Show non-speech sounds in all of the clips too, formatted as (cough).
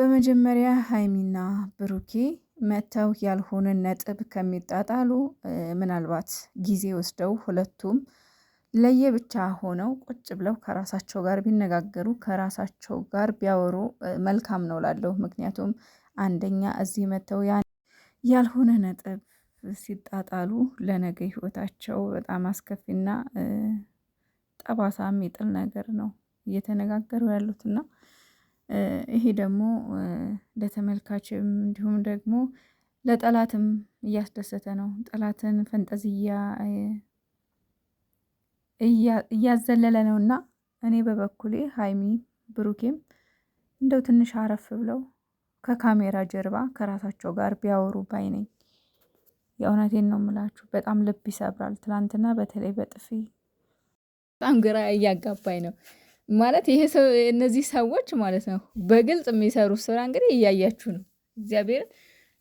በመጀመሪያ ሀይሚና ብሩኬ መተው ያልሆነ ነጥብ ከሚጣጣሉ ምናልባት ጊዜ ወስደው ሁለቱም ለየብቻ ሆነው ቁጭ ብለው ከራሳቸው ጋር ቢነጋገሩ ከራሳቸው ጋር ቢያወሩ መልካም ነው ላለው። ምክንያቱም አንደኛ እዚህ መተው ያልሆነ ነጥብ ሲጣጣሉ ለነገ ህይወታቸው በጣም አስከፊና ጠባሳ የሚጥል ነገር ነው እየተነጋገሩ ያሉትና ይሄ ደግሞ ለተመልካችም እንዲሁም ደግሞ ለጠላትም እያስደሰተ ነው። ጠላትን ፈንጠዝያ እያዘለለ ነው እና እኔ በበኩሌ ሀይሚ ብሩኬም እንደው ትንሽ አረፍ ብለው ከካሜራ ጀርባ ከራሳቸው ጋር ቢያወሩ ባይ ነኝ። የእውነቴን ነው ምላችሁ፣ በጣም ልብ ይሰብራል። ትናንትና በተለይ በጥፊ በጣም ግራ እያጋባኝ ነው። ማለት ይሄ ሰው እነዚህ ሰዎች ማለት ነው በግልጽ የሚሰሩት ስራ እንግዲህ እያያችሁ ነው። እግዚአብሔርን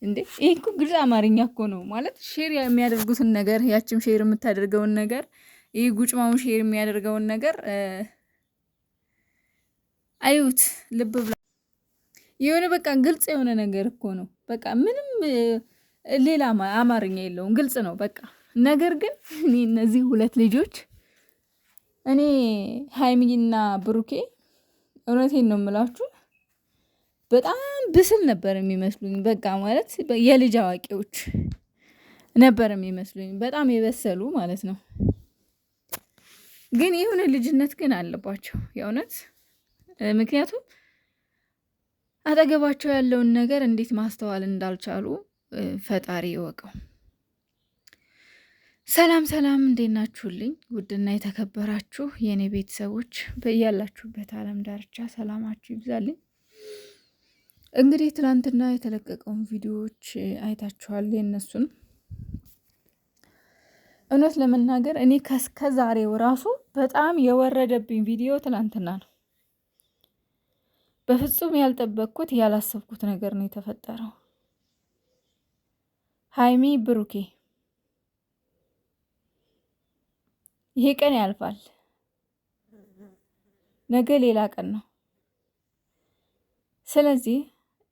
እንዴ ይህ እኮ ግልጽ አማርኛ እኮ ነው ማለት ሼር የሚያደርጉትን ነገር ያችም ሼር የምታደርገውን ነገር ይህ ጉጭማውን ሼር የሚያደርገውን ነገር አዩት ልብ ብላ የሆነ በቃ ግልጽ የሆነ ነገር እኮ ነው። በቃ ምንም ሌላ አማርኛ የለውም፣ ግልጽ ነው በቃ። ነገር ግን እነዚህ ሁለት ልጆች እኔ ሀይሚና ብሩኬ እውነቴን ነው የምላችሁ በጣም ብስል ነበር የሚመስሉኝ። በቃ ማለት የልጅ አዋቂዎች ነበር የሚመስሉኝ፣ በጣም የበሰሉ ማለት ነው። ግን የሆነ ልጅነት ግን አለባቸው የእውነት ምክንያቱም አጠገባቸው ያለውን ነገር እንዴት ማስተዋል እንዳልቻሉ ፈጣሪ ይወቀው። ሰላም ሰላም፣ እንዴት ናችሁልኝ? ውድና የተከበራችሁ የእኔ ቤተሰቦች በያላችሁበት ዓለም ዳርቻ ሰላማችሁ ይብዛልኝ። እንግዲህ ትናንትና የተለቀቀውን ቪዲዮዎች አይታችኋል። የእነሱን እውነት ለመናገር እኔ ከስከ ዛሬው ራሱ በጣም የወረደብኝ ቪዲዮ ትናንትና ነው። በፍጹም ያልጠበቅኩት ያላሰብኩት ነገር ነው የተፈጠረው። ሀይሚ ብሩኬ ይሄ ቀን ያልፋል። ነገ ሌላ ቀን ነው። ስለዚህ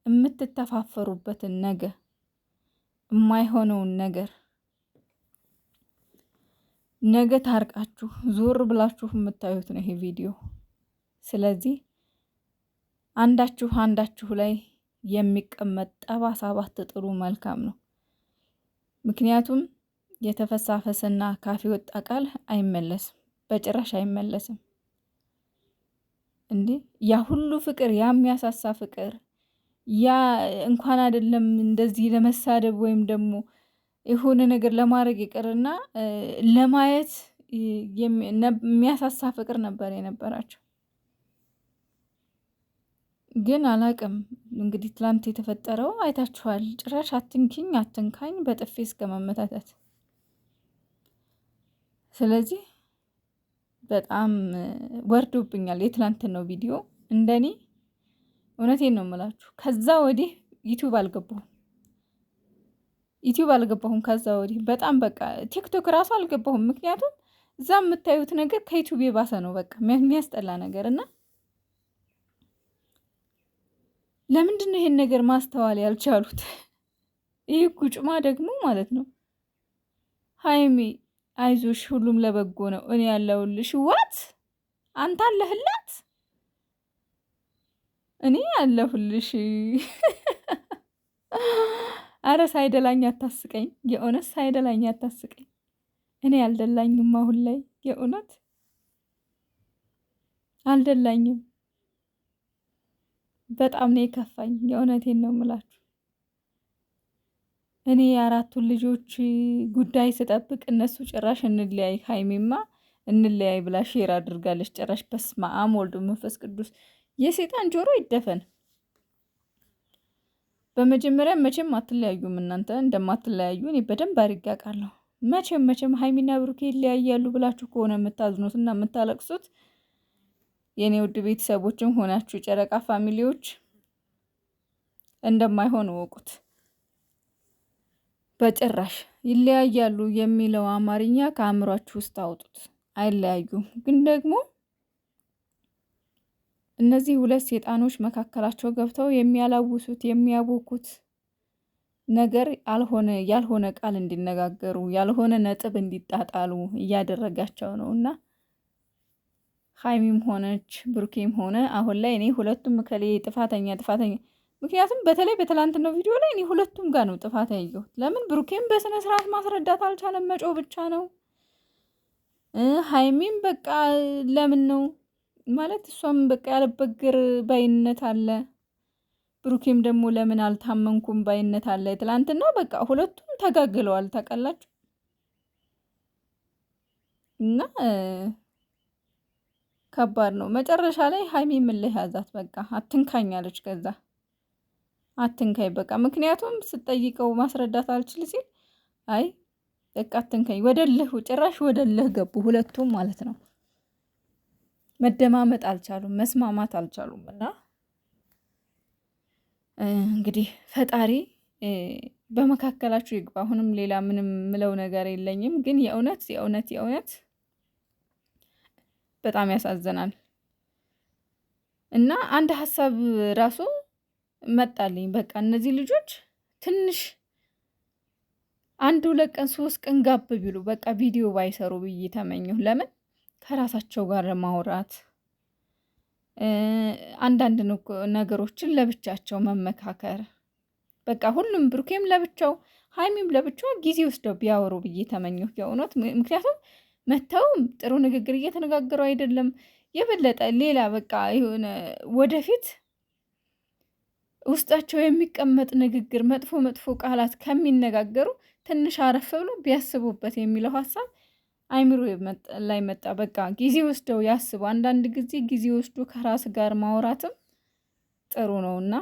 የምትተፋፈሩበትን ነገ የማይሆነውን ነገር ነገ ታርቃችሁ ዞር ብላችሁ የምታዩት ነው ይሄ ቪዲዮ። ስለዚህ አንዳችሁ አንዳችሁ ላይ የሚቀመጥ ጠባሳ ባትጥሉ መልካም ነው። ምክንያቱም የተፈሳፈሰና ካፌ ወጣ ቃል አይመለስም፣ በጭራሽ አይመለስም። እንዴ ያ ሁሉ ፍቅር፣ ያ የሚያሳሳ ፍቅር፣ ያ እንኳን አይደለም እንደዚህ ለመሳደብ ወይም ደግሞ የሆነ ነገር ለማድረግ ይቅርና ለማየት የሚያሳሳ ፍቅር ነበር የነበራቸው። ግን አላቅም እንግዲህ ትላንት የተፈጠረው አይታችኋል። ጭራሽ አትንኪኝ አትንካኝ በጥፌ እስከ መመታታት ስለዚህ በጣም ወርዶብኛል የትላንትናው ቪዲዮ እንደኔ እውነቴን ነው የምላችሁ። ከዛ ወዲህ ዩቲዩብ አልገባሁም፣ ዩቲዩብ አልገባሁም። ከዛ ወዲህ በጣም በቃ ቲክቶክ ራሱ አልገባሁም። ምክንያቱም እዛ የምታዩት ነገር ከዩቲዩብ የባሰ ነው። በቃ የሚያስጠላ ነገር እና ለምንድን ነው ይሄን ነገር ማስተዋል ያልቻሉት? ይህ ጉጭማ ደግሞ ማለት ነው ሀይሜ አይዞሽ፣ ሁሉም ለበጎ ነው፣ እኔ ያለሁልሽ። ዋት አንተ አለህላት፣ እኔ ያለሁልሽ። (laughs) አረ ሳይደላኝ አታስቀኝ፣ የእውነት ሳይደላኝ አታስቀኝ። እኔ አልደላኝም፣ አሁን ላይ የእውነት አልደላኝም። በጣም ነው የከፋኝ፣ የእውነቴን ነው የምላችሁ። እኔ የአራቱን ልጆች ጉዳይ ስጠብቅ እነሱ ጭራሽ እንለያይ ሀይሜማ እንለያይ ብላ ሼር አድርጋለች። ጭራሽ በስመ አብ ወልድ መንፈስ ቅዱስ የሴጣን ጆሮ ይደፈን። በመጀመሪያ መቼም አትለያዩም እናንተ እንደማትለያዩ እኔ በደንብ አድርጌ አውቃለሁ። መቼም መቼም ሀይሚና ብሩኬ ይለያያሉ ብላችሁ ከሆነ የምታዝኑት እና የምታለቅሱት የእኔ ውድ ቤተሰቦችም ሆናችሁ ጨረቃ ፋሚሊዎች እንደማይሆን እወቁት። በጭራሽ ይለያያሉ የሚለው አማርኛ ከአእምሯችሁ ውስጥ አውጡት። አይለያዩም። ግን ደግሞ እነዚህ ሁለት ሴጣኖች መካከላቸው ገብተው የሚያላውሱት የሚያቦኩት ነገር አልሆነ ያልሆነ ቃል እንዲነጋገሩ ያልሆነ ነጥብ እንዲጣጣሉ እያደረጋቸው ነው እና ሀይሚም ሆነች ብሩኬም ሆነ አሁን ላይ እኔ ሁለቱም ከሌ ጥፋተኛ ጥፋተኛ ምክንያቱም በተለይ በትላንትናው ቪዲዮ ላይ እኔ ሁለቱም ጋር ነው ጥፋት ያየሁት። ለምን ብሩኬም በስነ ስርዓት ማስረዳት አልቻለም፣ መጮ ብቻ ነው። ሀይሜም በቃ ለምን ነው ማለት እሷም በቃ ያለበግር ባይነት አለ። ብሩኬም ደግሞ ለምን አልታመንኩም ባይነት አለ። ትላንትና በቃ ሁለቱም ተጋግለዋል። ታውቃላችሁ እና ከባድ ነው። መጨረሻ ላይ ሀይሚ ምልህ ያዛት በቃ አትንካኛለች ከዛ አትንካኝ በቃ። ምክንያቱም ስጠይቀው ማስረዳት አልችል ሲል አይ በቃ አትንካኝ፣ ወደልህ ጭራሽ ወደልህ ገቡ ሁለቱም ማለት ነው። መደማመጥ አልቻሉም፣ መስማማት አልቻሉም። እና እንግዲህ ፈጣሪ በመካከላችሁ ይግባ። አሁንም ሌላ ምንም ምለው ነገር የለኝም፣ ግን የእውነት የእውነት የእውነት በጣም ያሳዝናል። እና አንድ ሀሳብ ራሱ መጣልኝ። በቃ እነዚህ ልጆች ትንሽ አንድ ሁለት ቀን ሶስት ቀን ጋብ ቢሉ በቃ ቪዲዮ ባይሰሩ ብዬ ተመኘሁ። ለምን ከራሳቸው ጋር ማውራት አንዳንድ ነገሮችን ለብቻቸው መመካከር በቃ ሁሉም ብሩኬም ለብቻው ሀይሚም ለብቻው ጊዜ ወስደው ቢያወሩ ብዬ ተመኘሁ የእውነት። ምክንያቱም መተውም ጥሩ ንግግር እየተነጋገሩ አይደለም። የበለጠ ሌላ በቃ የሆነ ወደፊት ውስጣቸው የሚቀመጥ ንግግር፣ መጥፎ መጥፎ ቃላት ከሚነጋገሩ ትንሽ አረፍ ብሎ ቢያስቡበት የሚለው ሀሳብ አይምሮ ላይ መጣ። በቃ ጊዜ ወስደው ያስቡ። አንዳንድ ጊዜ ጊዜ ወስዶ ከራስ ጋር ማውራትም ጥሩ እና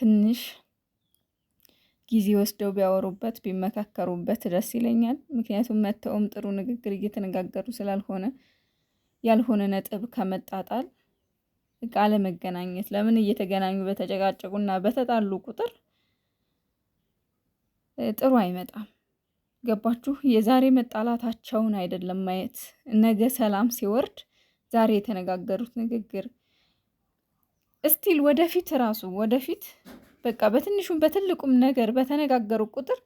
ትንሽ ጊዜ ወስደው ቢያወሩበት ቢመካከሩበት ደስ ይለኛል። ምክንያቱም መተውም ጥሩ ንግግር እየተነጋገሩ ስላልሆነ ያልሆነ ነጥብ ከመጣጣል ቃለ መገናኘት ለምን እየተገናኙ በተጨቃጨቁና በተጣሉ ቁጥር ጥሩ አይመጣም። ገባችሁ? የዛሬ መጣላታቸውን አይደለም ማየት፣ ነገ ሰላም ሲወርድ ዛሬ የተነጋገሩት ንግግር እስቲል ወደፊት ራሱ ወደፊት በቃ በትንሹም በትልቁም ነገር በተነጋገሩ ቁጥር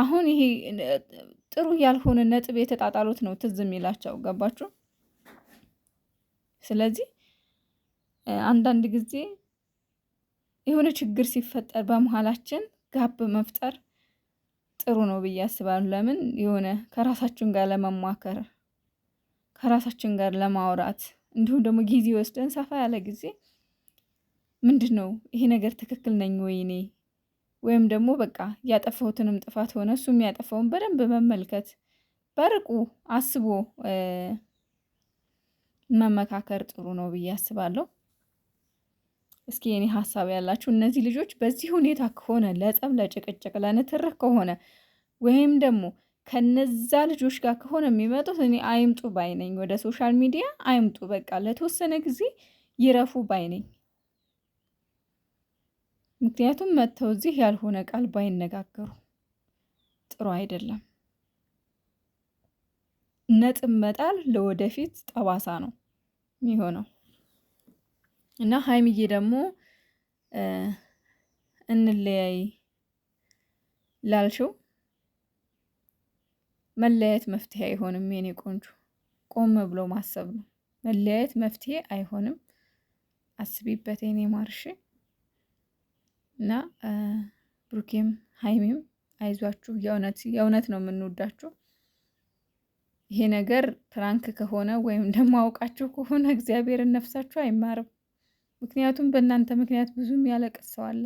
አሁን ይሄ ጥሩ ያልሆነ ነጥብ የተጣጣሉት ነው ትዝ የሚላቸው። ገባችሁ? ስለዚህ አንዳንድ ጊዜ የሆነ ችግር ሲፈጠር በመሀላችን ጋብ መፍጠር ጥሩ ነው ብዬ አስባለሁ። ለምን የሆነ ከራሳችን ጋር ለመሟከር ከራሳችን ጋር ለማውራት እንዲሁም ደግሞ ጊዜ ወስደን ሰፋ ያለ ጊዜ ምንድን ነው ይሄ ነገር ትክክል ነኝ ወይ እኔ ወይም ደግሞ በቃ ያጠፋሁትንም ጥፋት ሆነ እሱ የሚያጠፋውን በደንብ መመልከት በርቁ አስቦ መመካከር ጥሩ ነው ብዬ አስባለሁ። እስኪ የኔ ሀሳብ ያላችሁ እነዚህ ልጆች በዚህ ሁኔታ ከሆነ ለጸብ፣ ለጭቅጭቅ፣ ለንትርክ ከሆነ ወይም ደግሞ ከነዛ ልጆች ጋር ከሆነ የሚመጡት እኔ አይምጡ ባይ ነኝ። ወደ ሶሻል ሚዲያ አይምጡ፣ በቃ ለተወሰነ ጊዜ ይረፉ ባይ ነኝ። ምክንያቱም መጥተው እዚህ ያልሆነ ቃል ባይነጋገሩ ጥሩ አይደለም። ነጥብ መጣል ለወደፊት ጠባሳ ነው የሚሆነው። እና ሀይሚዬ ደግሞ እንለያይ ላልሽው መለያየት መፍትሄ አይሆንም። የኔ ቆንጆ ቆም ብሎ ማሰብ ነው። መለያየት መፍትሄ አይሆንም። አስቢበት የኔ ማርሽ እና ብሩኬም ሀይሚም አይዟችሁ። የእውነት ነው የምንወዳችሁ። ይሄ ነገር ፕራንክ ከሆነ ወይም ደግሞ አውቃችሁ ከሆነ እግዚአብሔርን ነፍሳችሁ አይማርም። ምክንያቱም በእናንተ ምክንያት ብዙ የሚያለቅስ ሰው አለ።